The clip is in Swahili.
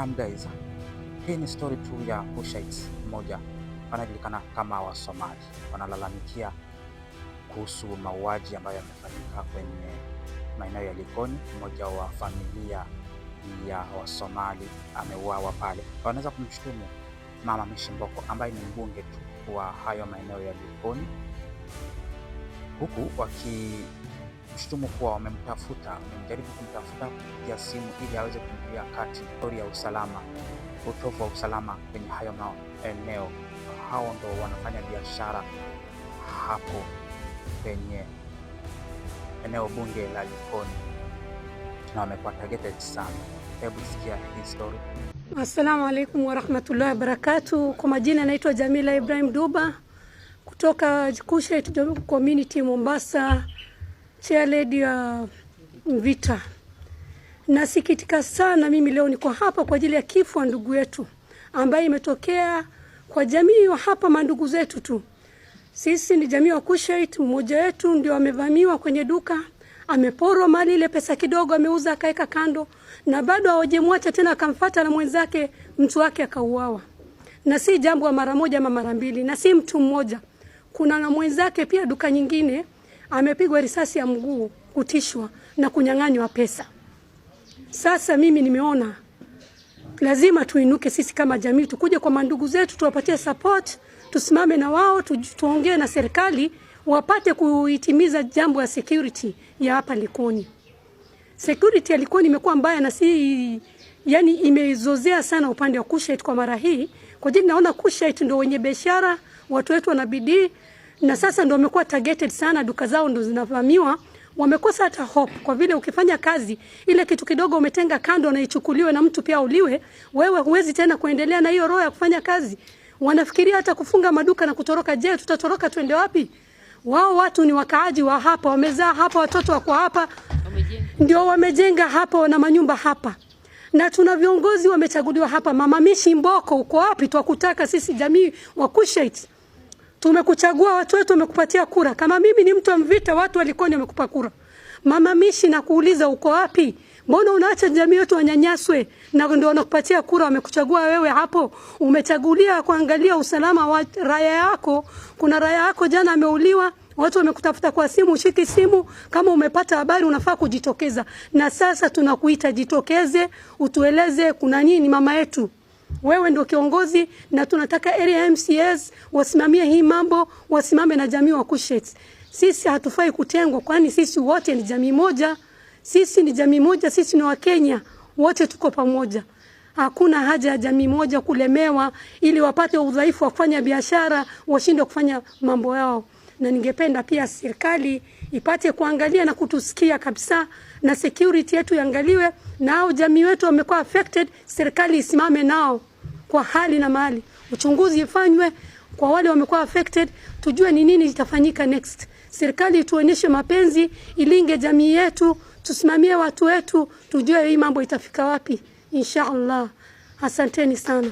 Naam guys, hii ni story tu ya Hushites mmoja wanajulikana kama Wasomali wanalalamikia kuhusu mauaji ambayo yamefanyika kwenye maeneo ya Likoni. Mmoja wa familia ya Wasomali ameuawa pale. Wanaweza kumshutumu Mama Mishimboko Mboko ambaye ni mbunge tu wa hayo maeneo ya Likoni huku waki kushutumu kuwa wamemtafuta, wamejaribu kumtafuta kupitia simu ili aweze kuingilia kati. Stori ya usalama, utovu wa usalama kwenye hayo maeneo, hao ndo wanafanya biashara hapo kwenye eneo bunge la Likoni na wamekuwa targeted sana. Hebu sikia hii story. Assalamu alaikum warahmatullahi wabarakatu. Kwa majina naitwa Jamila Ibrahim Duba kutoka Kushite Community Mombasa chairlady ya Mvita. Nasikitika sana mimi leo niko hapa kwa ajili ya kifo wa ndugu yetu ambaye imetokea kwa jamii wa hapa mandugu zetu tu. Sisi ni jamii wa Kushite, mmoja wetu ndio amevamiwa kwenye duka, ameporwa mali ile, pesa kidogo ameuza akaweka kando, na bado hawajemwacha tena, akamfuata na mwenzake, mtu wake akauawa. Na si jambo la mara moja ama mara mbili, na si mtu mmoja, kuna na mwenzake pia duka nyingine amepigwa risasi ya mguu, kutishwa na kunyang'anywa pesa. Sasa mimi nimeona lazima tuinuke sisi kama jamii, tukuje kwa mandugu zetu, tuwapatie support, tusimame na wao, tuongee na serikali wapate kuitimiza jambo ya security ya hapa Likoni. Security ya Likoni imekuwa mbaya na si yani, imezozea sana upande wa Kushite kwa mara hii, kwa jini naona Kushite ndio wenye biashara, watu wetu wana bidii na sasa ndo wamekuwa targeted sana, duka zao ndo zinavamiwa wamekosa hata hope kwa vile ukifanya kazi ile kitu kidogo umetenga kando na ichukuliwe na mtu pia uliwe wewe, huwezi tena kuendelea na hiyo roho ya kufanya kazi. Wanafikiria hata kufunga maduka na kutoroka. Je, tutatoroka twende wapi? Wao watu ni wakaaji wa hapa, wamezaa hapa, watoto wako hapa, ndio wamejenga hapa na manyumba hapa, na tuna viongozi wamechaguliwa hapa. Mama Mishi Mboko, uko wapi? Twakutaka sisi jamii wa Kushite tumekuchagua watu wetu wamekupatia kura. Kama mimi ni mtu wa Mvita, watu walikoni wamekupa kura. Mama Mishi, nakuuliza uko wapi? Mbona unaacha jamii yetu wanyanyaswe? Na ndio wanakupatia kura, wamekuchagua wewe. Hapo umechagulia kuangalia usalama wa raia yako. Kuna raia yako jana ameuliwa, watu wamekutafuta kwa simu, ushiki simu. Kama umepata habari, unafaa kujitokeza, na sasa tunakuita, jitokeze, utueleze kuna nini mama yetu wewe ndio kiongozi na tunataka area MCAs wasimamie hii mambo, wasimame na jamii wa Kushet. Sisi hatufai kutengwa, kwani sisi wote ni jamii moja, sisi ni jamii moja, sisi ni Wakenya wote tuko pamoja. Hakuna haja ya jamii moja kulemewa ili wapate udhaifu wa kufanya biashara, washinde kufanya mambo yao. Na ningependa pia serikali ipate kuangalia na kutusikia kabisa, na security yetu iangaliwe, na au jamii wetu wamekuwa affected, serikali isimame nao kwa hali na mali. Uchunguzi ifanywe kwa wale wamekuwa affected, tujue ni nini litafanyika next. Serikali tuonyeshe mapenzi, ilinge jamii yetu, tusimamie watu wetu, tujue hii mambo itafika wapi, insha Allah. Asanteni sana.